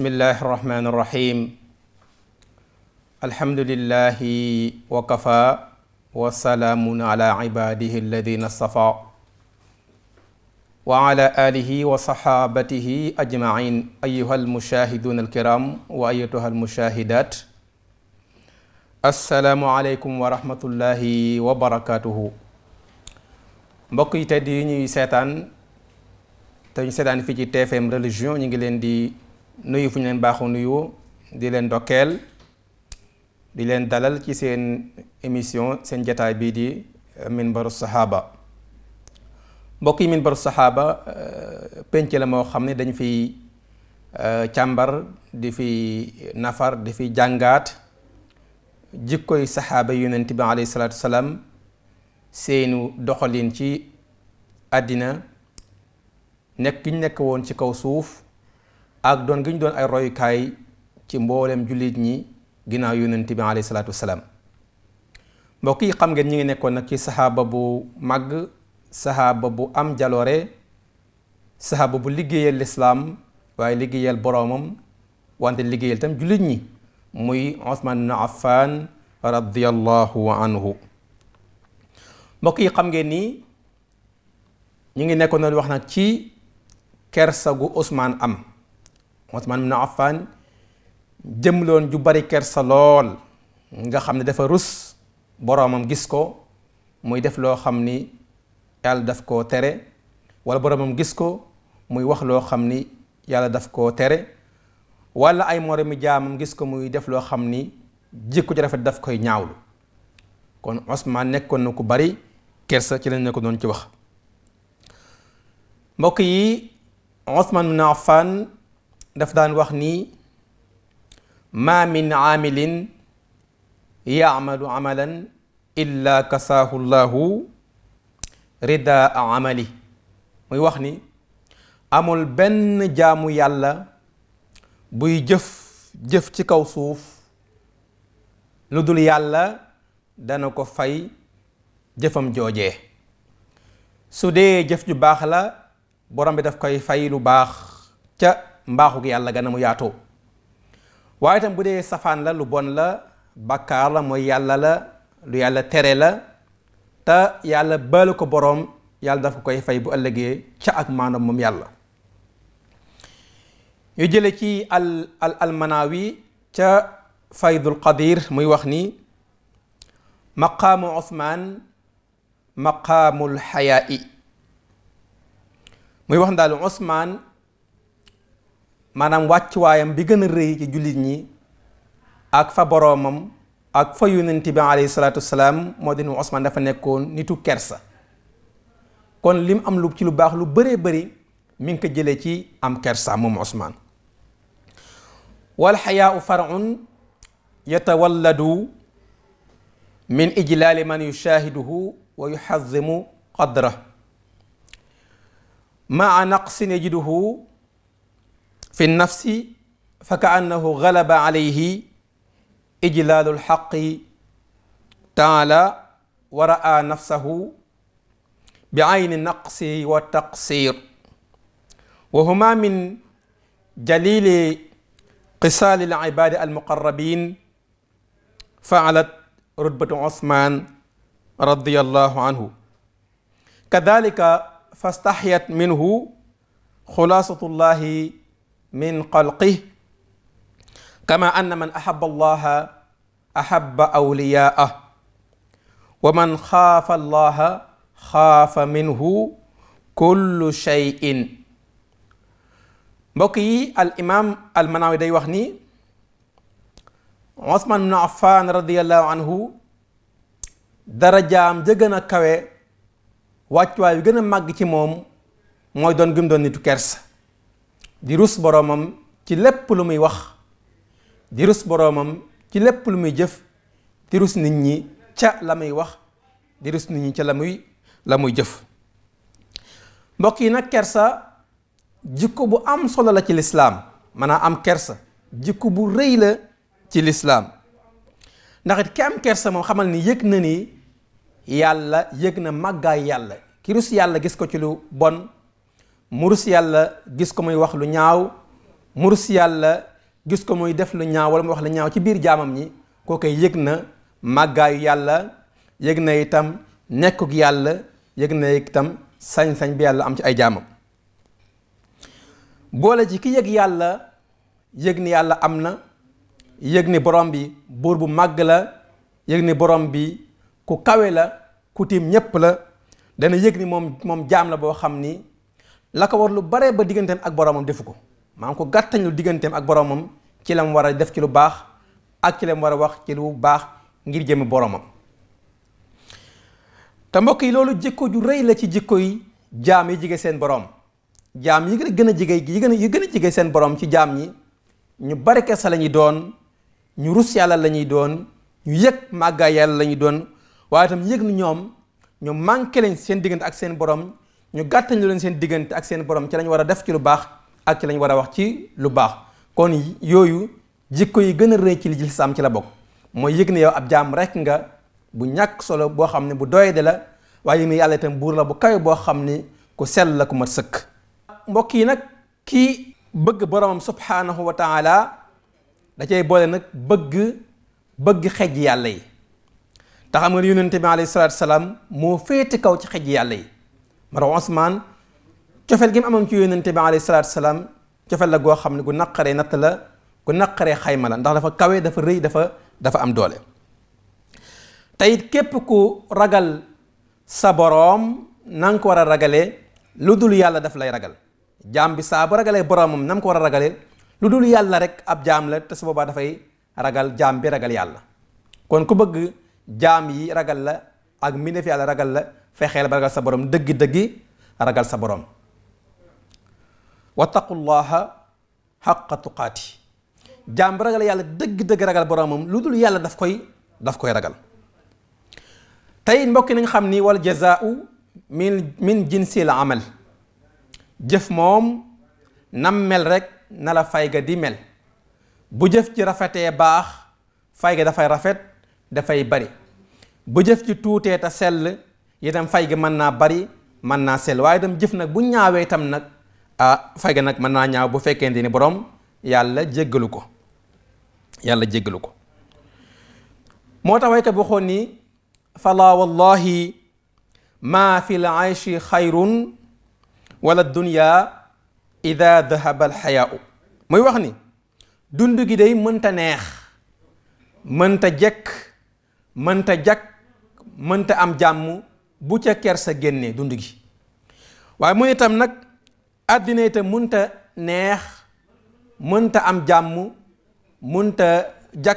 bismillahi irrahmani irrahim alhamdulilahi wa kafa wa salaamun ala ibadihi alladina stafa wa ala alihi wa saxaabatihi ajmain ayuha almushahiduna alkiram wa ayatuha almushahidat assalaamu aleykum wa rahmatullahi wa barakatuhu mbokk yi tedd yi ñuy seetaan te ñu seetaan fii ci TFM religion ñu ngi leen di nuyu fu ñu leen baaxu nuyu di leen dokkeel di leen dalal ci seen émission seen jataay bii di euh, minbaru saxaaba mbokk yi minbaru saxaaba euh, penc la moo xam ne dañ fiy euh, càmbar di fi nafar di fiy jàngaat jikkoy saxaaba yonent bi alayhi salaatu salaam seenu doxaliin ci àddina nekk gi nekk woon ci kaw suuf ak doon gi ñu doon ay royukaay ci mboolem jullit ñi ginnaaw yonent bi alayhi salaatu wasalaam mbokk yi xam ngeen ñi ngi nekkoon na ci saxaaba bu màgg saxaaba bu am jaloore saxaaba bu liggéeyal lislaam waaye liggéeyal boroomam wante liggéeyal tam jullit ñi muy Usmaan ibn Affaan radiyallahu mbokk yi xam ngeen ni ñu ngi nekkoon doon wax nag ci kersagu gu Usmaan am Usmaan ibn Affan jëm loon ju bari kersa lool nga xam ne dafa rus boroomam gis ko muy def loo xam ni yàlla daf koo tere wala boroomam gis ko muy wax loo xam ni yàlla daf koo tere wala ay moroomi jaamam gis ko muy def loo xam ni jikko ci rafet daf koy ñaawlu kon Usmaan nekkoon na ku bari kersa ci lañ ne ko doon ci wax mbokk yi Usmaan ibn Affan daf daan wax ni ma min aamilin yaamalu amalan illa kasaahu llahu ridaa amali muy wax ni amul benn jaamu yàlla buy jëf jëf ci kaw suuf lu dul yàlla dana ko fay jëfam jooje su dee jëf ju baax la borom bi daf koy fay lu baax ca mbaaxug yàlla gana mu yaato waaye itam bu dee safaan la lu bon la bakkaar la mooy yàlla la lu yàlla tere la te yàlla baalu ko boroom yàlla dafa koy fay bu ëllëgee ca ak maanaam moom yàlla yu jële ci al al almanawi ca faydul qadir muy wax ni maqaamu osmaan maqaamul xayaa muy wax ndaal osmaan maanaam wàccuwaayam bi gën a rëy ci jullit ñi ak fa boroomam ak fa yonent bi alayhi salaatu salaam moo di ne Ousmane dafa nekkoon nitu kersa kon lim am lu ci lu baax lu bëree bëri mi ngi ko jëlee ci am kersa moom Ousmane wal xayaau farun yatawalladu min ijlaali man yushaahiduhu wa yuxazimu qadrah maa naqsin yajiduhu fi nafsi fa ka annahu galaba alayhi ijlaalu lxaqi taala wa raa nafsahu bi ayni naqsi wa taqsir wa huma min jalili qisaali libaadi almuqarrabin faalat rutbatu Usmaan radiyallahu anhu kadalika fastaxyat minhu xulaasatullahi min xalqih kama anna man ahaba allaha ahaba awliyaah wa man xaafa allaha xaafa minhu kullu cheyin mbokk yi al imam al manawi day wax ni Usmaan ibn Affaan radiallahu anhu darajaam ja gën a kawe wàccuwaay yu gën a màgg ci moom mooy doon gëm doon nitu kersa di rus boroomam ci lépp lu muy wax di rus boroomam ci lépp lu muy jëf di rus nit ñi ca la muy wax di rus nit ñi ca la muy la muy jëf mbokk yi nag kersa jikko bu am solo la ci lislaam maanaam am kersa jikko bu rëy la ci lislaam ndaxit it ki am kersa moom xamal ni yëg na ni yàlla yëg na màggaay yàlla ki rus yàlla gis ko ci lu bon murus yàlla gis ko muy wax lu ñaaw murus yàlla gis ko muy def lu ñaaw wala mu wax lu ñaaw ci biir jaamam ñi koo koy yëg na màggaayu yàlla yëg na itam nekkug yàlla yëg na itam sañ-sañ bi yàlla am ci ay jaamam boole ci ki yëg yàlla yëg ni yàlla am na yëg ni borom bi buur bu màgg la yëg ni borom bi ku kawe la ku tiim ñépp la dana yëg ni moom moom jaam la boo xam ni la war lu bare ba digganteem ak boroomam defu ko maanaam ko gàttañ lu digganteem ak boroomam ci lam war a def ci lu baax ak ci lam war a wax ci lu baax ngir jëme boroomam te mbokk yi loolu jikko ju rëy la ci jikko yi jaam yi jige seen borom jaam yi gën a jige yi gën a yi gën a jige seen boroom ci jaam ñi ñu bari kese lañuy doon ñu rus yàlla la ñuy doon ñu yëg màggaay yàlla la doon waaye itam yëg na ñoom ñu manqué lañ seen diggante ak seen boroom ñu gàttañ lu leen seen diggante ak seen borom ci lañu war a def ci lu baax ak ci lañ war a wax ci lu baax kon yooyu jikko yi gën a rëy ci li lislaam ci la bokk mooy yëg ne yow ab jàmm rek nga bu ñàkk solo boo xam ne bu doy de la waaye ni yàlla itam buur la bu kawe boo xam ni ku sell la ku mat sëkk mbokk yi nag kii bëgg boromam subhaanahu wa taala da cay boole nag bëgg xej yàlla yi te xam nga salaam moo féete kaw ci xej yàlla yi ma tax Ousmane cofeel gi mu amoon ci yónnante bi alayhi salaatu salaam cofeel la goo xam ne gu naqaree natt la gu naqaree xayma la ndax dafa kawe dafa rëy dafa dafa am doole teyit képp ku ragal sa boroom na nga ko war a ragalee lu dul yàlla daf lay ragal jaam bi saa bu ragalee boroomam na nga ko war a ragalee lu dul yàlla rek ab jaam la te su boobaa dafay ragal jaam bi ragal yàlla kon ku bëgg jaam yi ragal la ak mbindeef yàlla ragal la fexeel ba ragal sa boroom dëgg dëggi ragal sa borom wattaqullaha xaqa tuqaati jaam bi ragal yàlla dëgg-dëgg ragal boromam lu dul yàlla daf koy daf koy ragal tey mbokki nañ xam ni wal jazaau min min jinsi la amal jëf moom nam mel rek nala la fay ga di mel bu jëf ci rafetee baax fay ga dafay rafet dafay bari bu jëf ci tuutee te sell itam fay gi mën naa bari mën naa sell waaye tam jëf nag bu ñaawee itam nag ah fay gi nag mën naa ñaaw bu fekkente ni boroom yàlla jéggalu ko yàlla jéggalu ko moo tax waykat bi waxoon ni fala wallahi ma fi l ayshi xayrun wala dunya ida dahaba alxayaau muy wax ni dund gi day mënta neex mënta jëkk mënta jakk mënta am jàmm bu ca kersa génnee dund gi waaye mu itam nag àddina itam munta neex munta am jàmm munta jag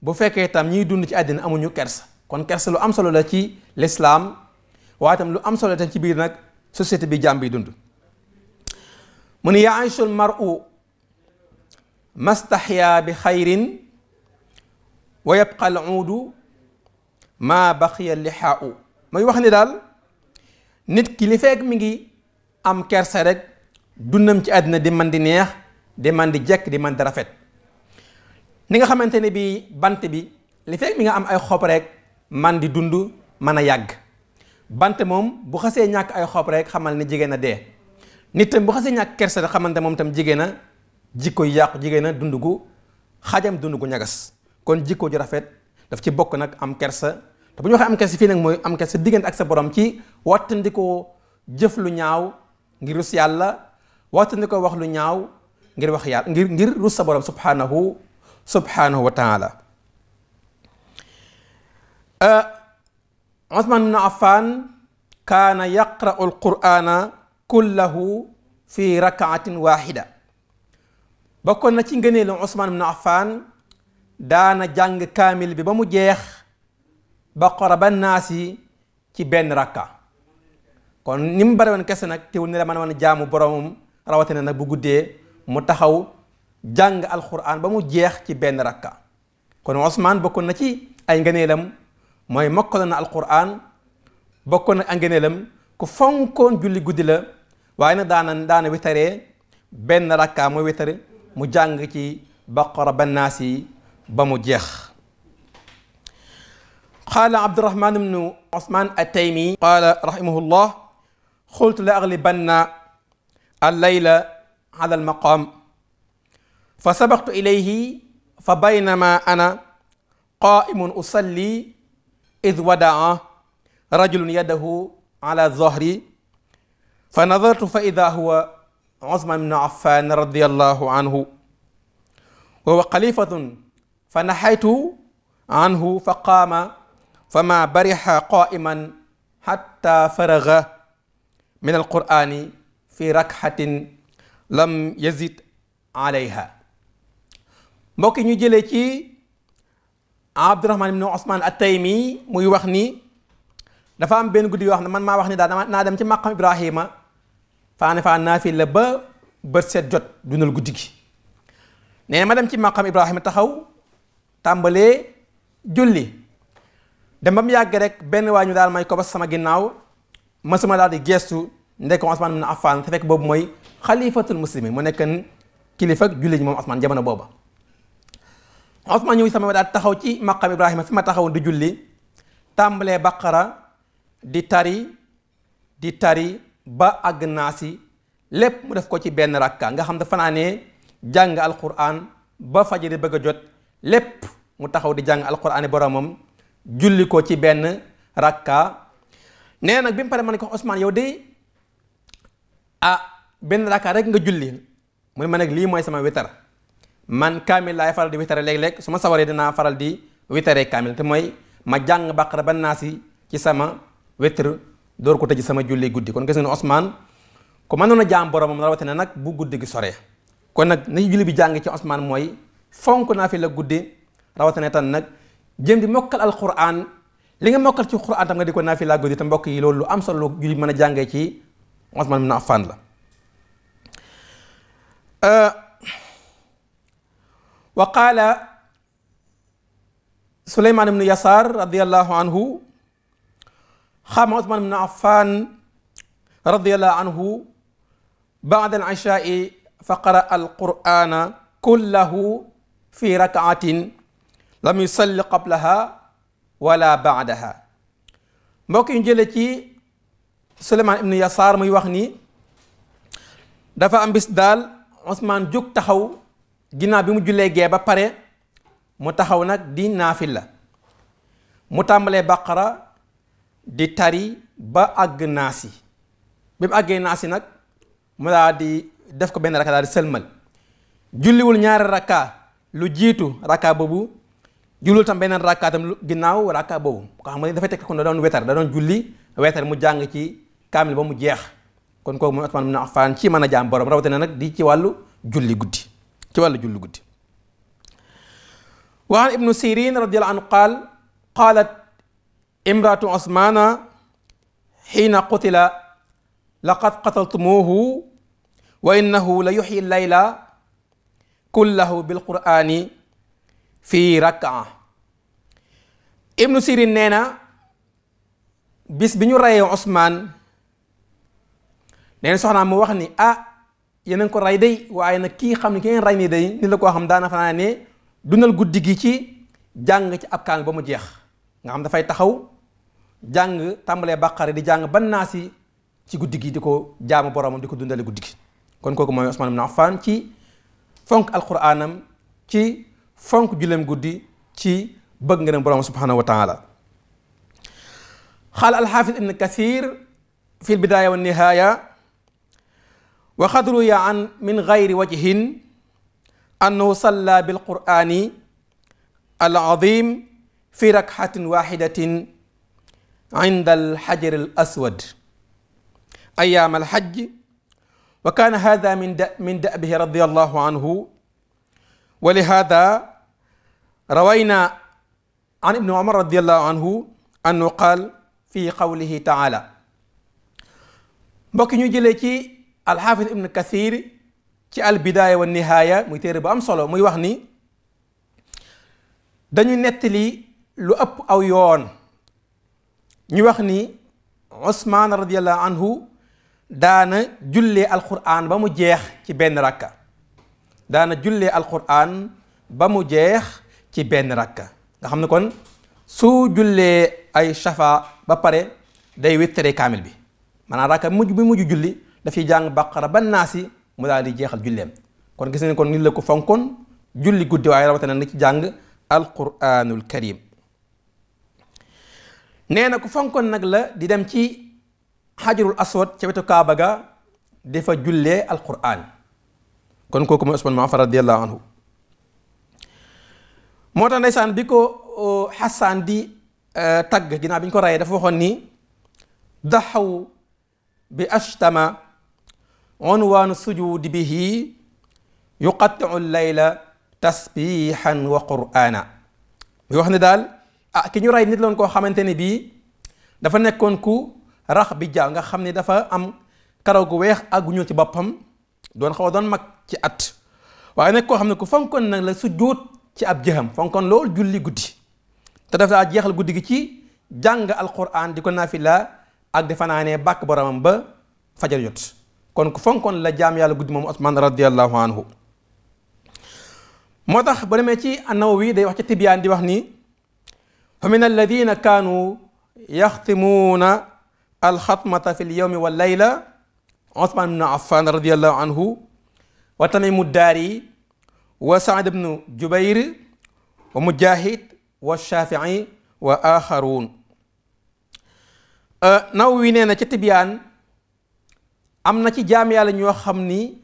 bu fekkee tam ñiy dund ci àddina amuñu kers kon kersa lu am solo la ci lislaam waaye itam lu am solo itam ci biir nag société bi jàmm bi dund mu ne yaayishul mar'u mastaxya bi xayrin wa yabqa al uudu baqiya lixaau mooy wax ni daal nit ki li fekk mi ngi am kersa rek dundam ci àddina di man di neex di man di jekk di man di rafet ni nga xamante ne bii bant bi li fekk mi nga am ay xob rek man di dund mën a yàgg bant moom bu xasee ñàkk ay xob rek xamal ni jigéen a dee nit tam bu xasee ñàkk kersa rek xamante moom tam jigéen a jikko yu yàqu jigéen dund gu xajam dund gu ñagas kon jikko ju rafet daf ci bokk nag am kersa te bu ñu waxee am kersa fii nag mooy am kersa diggante ak sa borom ci wattandikoo jëf lu ñaaw ngir rus yàlla wattandikoo wax lu ñaaw ngir wax yàlla ngir ngir rus sa borom subhanahu subhanahu wa taala eh, Usmaan bin Affaan kaana yaqra'u alqur'ana kullahu fi rakaatin waaxida bokkoon na ci ngëneelu Usmaan bin Affaan daana jàng kaamil bi ba mu jeex baqara ba naas yi ci benn rakka kon ni mu bari woon kese nag teewul ne la mën a jaamu boromam rawatina nag bu guddee mu taxaw jàng alquran ba mu jeex ci benn rakka kon Ousmane bokkoon na ci ay ngëneelam mooy mokkaloon na alquran bokkoon na ay ngëneelam ku fonkoon julli guddi la waaye nag daana daana witaree benn rakka mooy witar mu jàng ci baqara ba naas ba mu jeex qaala abdurahman ibnu osman ataymi qaala rahimahullah xultu la aglibanna alleyla ala almaqam fa sabaqtu ilayhi fa baynama ana qaimun usalli id wadaa rajulun yadahu ala zohri fa nadartu fa ida huwa osman ibnu affan radiallahu anhu wa huwa xalifatun fa naxaytu anhu fa qaama fama bariha qaiman hatta faraga min alqurani fi rakhatin lam yazid alayha mbokk ñu jëlee ci abdurahman ibnu osman ataymi muy wax ni dafa am benn guddi wax xam ne man maa wax ni daal naa dem ci maqam ibrahima faane faa naafi la ba bët jot dunal guddi gi nee ma dem ci maqam ibrahima taxaw tàmbalee julli dem ba mu yàgg rek benn waa ñu daal may ko ba sama ginnaaw ma suma daal di gestu ndekk Ousmane ibn Affan te fekk boobu mooy xalifatul muslimin mu nekk kilifa jullit ñi moom Ousmane jamono booba Ousmane ñëw sama daal taxaw ci maqam Ibrahima fi ma taxaw di julli tàmbalee baqara di tari di tari ba àgg naasi lépp mu def ko ci benn rakka nga xam dafa naa ne jàng alquran ba fajar bëgg a jot lépp mu taxaw di jàng alquran boromam julli ko ci benn rakka nee nag bi mu pare ma ne ko Ousmane yow de ah benn rakka rek nga julli mu ne ma nag lii mooy sama witar man kaamil laay faral di witare léeg-léeg su ma sawaree dinaa faral di witare kaamil te mooy ma jàng baqara ba naasi ci sama witr door ko tëj sama julli guddi kon gis nga ne Ousmane ku mënoon a jaam boromam rawatina nag bu guddi gi sore kon nag nañu julli bi jàng ci osmaan mooy fonk naa fi la guddi rawatina tan nag. jëm di mokkal alquran li nga mokkal ci quran tam nga di ko naafila guddi te mbokk yi loolu lu am solo jullit mën a jàngee ci Usmaan ibn Affaan la euh, wa qaala Suleymaan ibnu Yasaar radiyallahu anhu xaama Usmaan ibnu Affaan radiyallahu anhu baada al-ishaa'i fa qara'a al-qur'aana kullahu fi rak'atin lam yusalli qablaha wala baadaha mbokk yu jële ci Suleymaan ibnu Yasaar muy wax ni dafa am bis daal Usmaan jóg taxaw ginnaaw bi mu jullee gee ba pare mu taxaw nag di la mu tàmbalee baqara di tari ba àgg naasi bi mu àggee naasi nag mu daa di def ko benn rakka daal di sëlmal julliwul ñaari rakka lu jiitu rakka boobu julul tam beneen rakkaatam ginnaaw rakka boobu ko xam ne dafay tekk kon da doon wetar da doon julli wetar mu jàng ci kaamil ba mu jeex kon kooku mooy Usmaan ibn Affaan ci mën a jaam borom rawatina nag di ci wàllu julli guddi ci wàllu julli guddi wa an ibnu sirin radiyallahu anhu qaal qaalat imraatu osmaana xiina qutila laqad qataltumuuhu wa innahu la yuxyi layla kullahu bilqur'ani fii rakka ibnu sirin nee na bis bi ñu reyee Ousmane nee na soxnaam mu wax ni ah yeneen ko rey day waaye nag kii xam ne ki ngeen rey nii day ni la koo xam daana fanaa ne dundal guddi gi ci jàng ci ab kaan ba mu jeex nga xam dafay taxaw jàng tàmbalee bàqare di jàng ban naa si ci guddi gi di ko jaamu boromam di ko dundale guddi gi kon kooku mooy Ousmane ibn Affan ci fonk alquraanam ci fonk julleem guddi ci bëgg nga dem borom subhanahu wa taala xaal alxaafis ibn kasir fi lbidaaya wa nihaaya wa xad ruwiya an min gayri wajhin annahu salla bilqurani al azim fi rakxatin waxidatin inda alxajar al aswad ayaam alxaj wa kaana hada min da min dabihi radiallahu anhu wa lihada rawayna an ibni omar radiallahu annu qaal fi qawlihi taala mbokki ñu jëlee ci alxaafis ibn kathir ci albidaaya wa nihaaya muy téere bu am solo muy wax ni dañu nettali lu ëpp aw yoon ñu wax ni usmaan radiallahu anhu daana jullee alquran ba mu jeex ci benn rakka daana jullee alquran ba mu jeex ci benn rakka nga xam ne kon su jullee ay shafa ba pare day wéttare kaamil bi maanaam rakka bi mujj bi mujju julli dafiy jàng baqara ba naasi mu daal di jeexal julleem kon gis nañ kon nit la ko fonkoon julli guddi waaye rawatina na ci jàng alquranul karim nee na ku fonkoon nag la di dem ci xajarul aswad ca wetu kaaba ga dafa jullee alquran kon kooku mooy Usmaan Maafan radiyallahu anhu moo tax ndeysaan bi ko xasaan di e, tagg ginnaaw bi ñu ko rayee dafa waxoon ni daxaw bi ashtama unwaanu sujudi bihi yuqattiu layla tasbihan wa qur'ana bi wax ne daal ah ki ñu ray nit loon koo xamante ne bii dafa nekkoon ku rax bi jaaw nga xam ni dafa am karaw gu weex ak gu ñuul ci boppam doon xaw doon mag ci at waaye nekk koo xam ne ku fonkoon nag la sujud ci ab jëxam fonkoon lool julli guddi te daf daa jeexal guddi gi ci jàng alquran di ko naafila ak di fanaanee bàkk boromam ba fajar jot kon fonkon la jaam yàlla guddi moom Usmaan radiallahu anhu moo tax ba demee ci Nawawi day wax ci tibyaan di wax ni fa min alladina kaanu yaxtimuuna alxatmata fi lyowmi wa layla Usmaan ibn Affan radiallahu anhu wa tamimu daari wa saad bnu jubayr wa mujahid wa shafii wa axaruun euh, naw wii nee na ci tibyaan am na ci jaam yàlla ñoo xam ni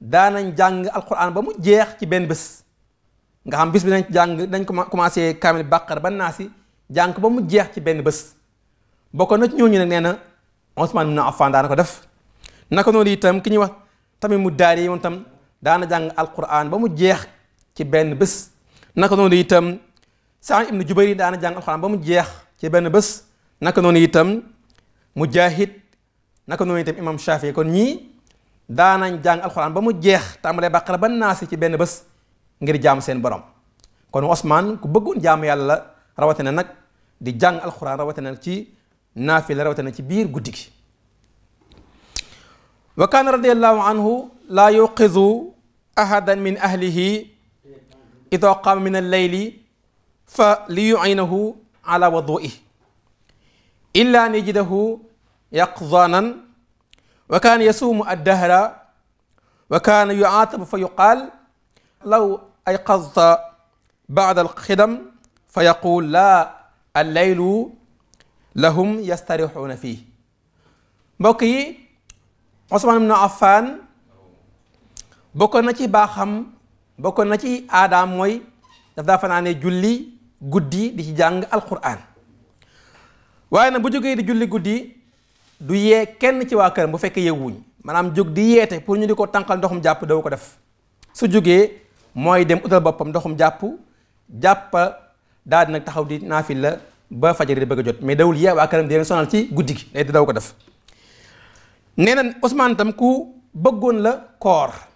daanañ jàng alquran ba mu jeex ci benn bës nga xam bis bi nañ jàng dañ ko commencé kaamil bàqar ba naasi jàng ba mu jeex ci benn bés bokk na ci ñooñu nag nee na Usmaan ibn Affan daana ko def naka noonu itam ki ñuy wax tamit mu daari moom daana jàng alquran ba mu jeex ci benn bés naka noonu itam Saad ibnu Jubayr daana jàng alquran ba mu jeex ci benn bés naka noonu itam Mujahid naka noonu itam imam Shafi kon ñii daanañ jàng alquran ba mu jeex tàmbalee baqara ba naasi ci benn bés ngir jaam seen borom kon Ousmane ku bëggoon jaamu yàlla rawatina nag di jàng alquran rawatina ci naafila rawatina ci biir guddi gi wa kaana radiyallahu anhu laa yuqizu ahadan min ahlihi ida qaama min alleyli fa li yuinahu ala waduih illa an yajidahu yaqzanan wa kaana yasuumu addahra wa kaana yuaatabu fa yuqaal law ayqazta bada alxidam fa yaquul laa alleylu lahum yastarixuuna fii mbokk yi Usmaan ibnu Affaan bokkoon na ci baaxam bokkoon na ci aadaam mooy daf daa fanaane julli guddi di ci jàng alquran waaye nag bu jógee di julli guddi du yee kenn ci waa këram bu fekkee yewwuñ maanaam jóg di yeete pour ñu di ko tànqal ndoxum jàpp daw ko def su jógee mooy dem utal boppam ndoxum jàpp jàppa daal di nag taxaw di naafil la ba fajar di bëgg jot mais dawul yee waa këram di leen sonal ci guddi gi day daw ko def nee na Ousmane tam ku bëggoon la koor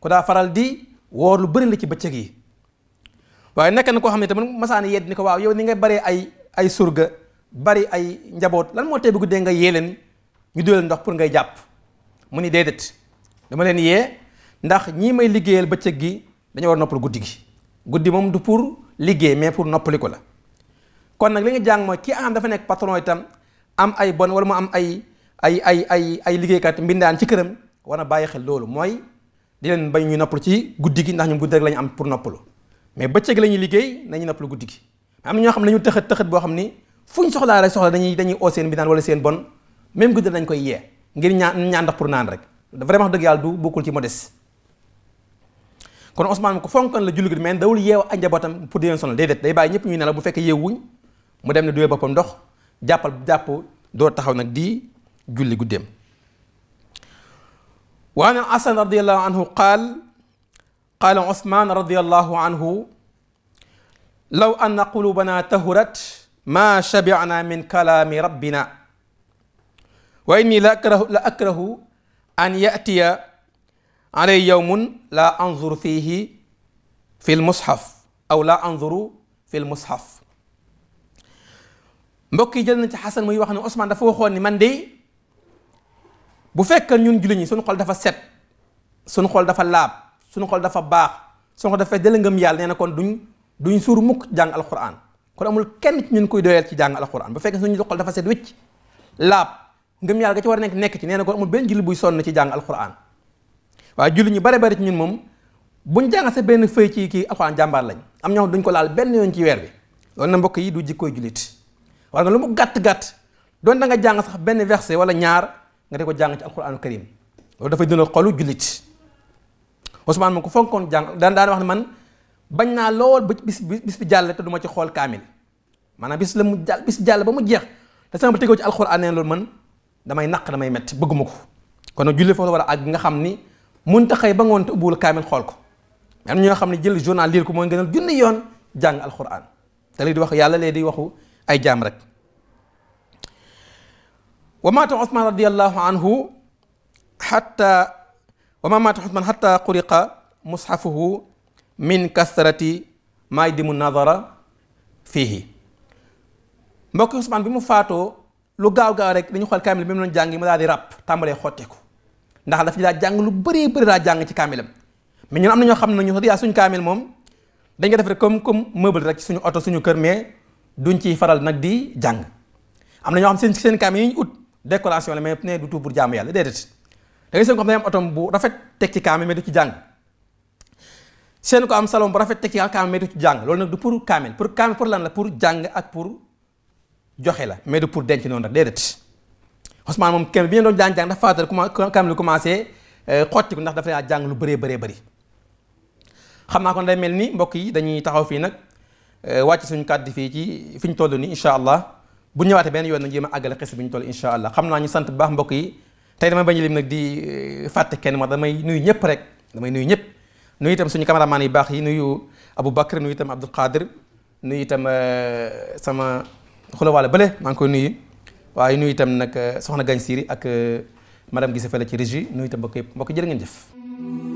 ko daa faral di woor lu bëri la ci bëccëg yi waaye nekk na koo xam ne tamit masaan yedd ni ko waaw yow ni nga baree ay ay surga bari ay njaboot lan moo tee bi guddee nga yee leen ñu dooleel ndox pour ngay jàpp mu ni déedéet dama leen yee ndax ñii may liggéeyal bëccëg gi dañoo war noppal guddi gi guddi moom du pour liggéey mais pour noppaliku la kon nag li nga jàng mooy kii am dafa nekk patron itam am ay bon wala mu am ay ay ay ay ay liggéeykat mbindaan ci këram war na bàyyi xel loolu mooy di leen bañ ñu noppalu ci guddi gi ndax ñun guddi rek la am pour noppalu mais bëccëg la ñuy liggéey nañu noppalu guddi gi am na ñoo xam ne dañu tëxat tëxat boo xam ni fu ñu soxlaa rek soxla dañuy dañuy oo seen bi naan wala seen bon même guddi dañ koy yee ngir ñaan ñaan ndax pour naan rek vraiment dëgg yàlla du bokkul ci modeste kon Ousmane mu ko fonkan la jullit mais dawul yeew ak njabootam pour di leen sonal déedéet day bàyyi ñëpp ñuy nelaw bu fekkee yeewuñ mu dem ne duwee boppam ndox jàppal jàpp doo taxaw nag di julli guddeem wa an asan radiallahu anhu qaal qaala usmaan radiallahu anhu law anna qulubana tahurat ma shabicna min kalaami rabbina wa inni la akrahu la akrahu an yatiya alay yowmun la anzuru fiihi fi lmushaf aw la anzuru fi lmushaf mbokk yi jël nañ ci xasan muy wax ne Ousmane dafa waxoon ni man de bu fekkee ñun jullit ñi suñu xol dafa set suñu xol dafa laab suñu xol dafa baax suñu xol dafa dala ngëm yàlla nee na kon duñ duñ suur mukk jàng alquran kon amul kenn ci ñun koy doyal ci jàng alquran bu fekkee suñu xol dafa set wécc laab ngëm yàlla ga ci war a nekk nekk ci nee na kon amul benn jullit buy sonn ci jàng alquran waaye jullit ñu bare bari ci ñun moom buñ jàng sa benn fëy ci kii alquran jàmbaar lañ am ñoo duñ ko laal benn yoon ci weer bi war na mbokk yi du jikkooy jullit war nga lu mu gàtt-gàtt doon da nga jàng sax benn verset wala ñaar nga di ko jàng ci alxuraanu karim loolu dafay dënal xolu jullit Ousmane moom ko fonkoon jàng daan daan wax ne man bañ naa lool ba bis bis bi jàll te du ci xool kaamil maanaam bis la mu jàll bis jàll ba mu jeex te sama ba tegoo ci alxuraan neen loolu man damay naq damay metti bëgguma ko kon nag jullit foofu la war a nga xam ni mun ta xëy ba ngoon te ubbuwul kaamil xool ko am ñoo xam ne jël journal lire ko mooy gënal junni yoon jàng alxuraan te lii di wax yàlla lee di waxu ay jaam rek wa maata Ousmane radiallahu anhu xatta wa ma maata Ousmane xatta quriqa musxafuhu min kasrati maay dimu nazara fiihi mbokki Ousmane bi mu faatoo lu gaaw gaaw rek dañu xool kaamil bi mu doon jàng mu daal di ràpp tàmbalee xotteeku ndax daf ñu daa jàng lu bëree bëri daa jàng ci kaamilam mais ñun am na ñoo xam nañu suñ yaa kaamil moom dañ ko def rek comme comme meuble rek suñu oto suñu kër mais duñ ci faral nag di jàng am na ñoo xam seen seen kaamil yi ñu ut décoration la mais ne du tout pour jaamu yàlla déedéet da ngay seen ko am am bu rafet teg ci kaamil mais du ci jàng ko am salon bu rafet teg ci kaamil mais ci jàng loolu nag du pour kaamil pour kaamil pour lan la pour jàng ak pour joxe la mais du pour denc noonu rek déedéet Ousmane moom kenn bi ñu doon daan jàng dafa fàttali comment kaamil commencé euh, xotti ko ndax dafa yaa jàng lu bëree bëree bëri xam naa kon day mel ni mbokk yi dañuy taxaw fii nag euh, wàcc suñ kàddu fii ci fi ñu toll nii incha allah. bu ñëwaatee benn yoon nag jéem a àggale xis bi ñu toll incha allah xam naa ñu sant bu baax mbokk yi tey damay bañ a lim nag eh, fàtte kenn ma damay nuyu ñëpp rek damay nuyu ñëpp nuyu itam suñu caméraman yu baax yi nuyu Abou Bakr nuyu itam Abdoul Qadir nuyu itam eh, sama xulawaale bële maa ngi koy nuyu waaye nuyu itam nag eh, soxna Gagne Siri ak madame Gise Fela ci régie nuyu itam mbokk yëpp mbokk jërë ngeen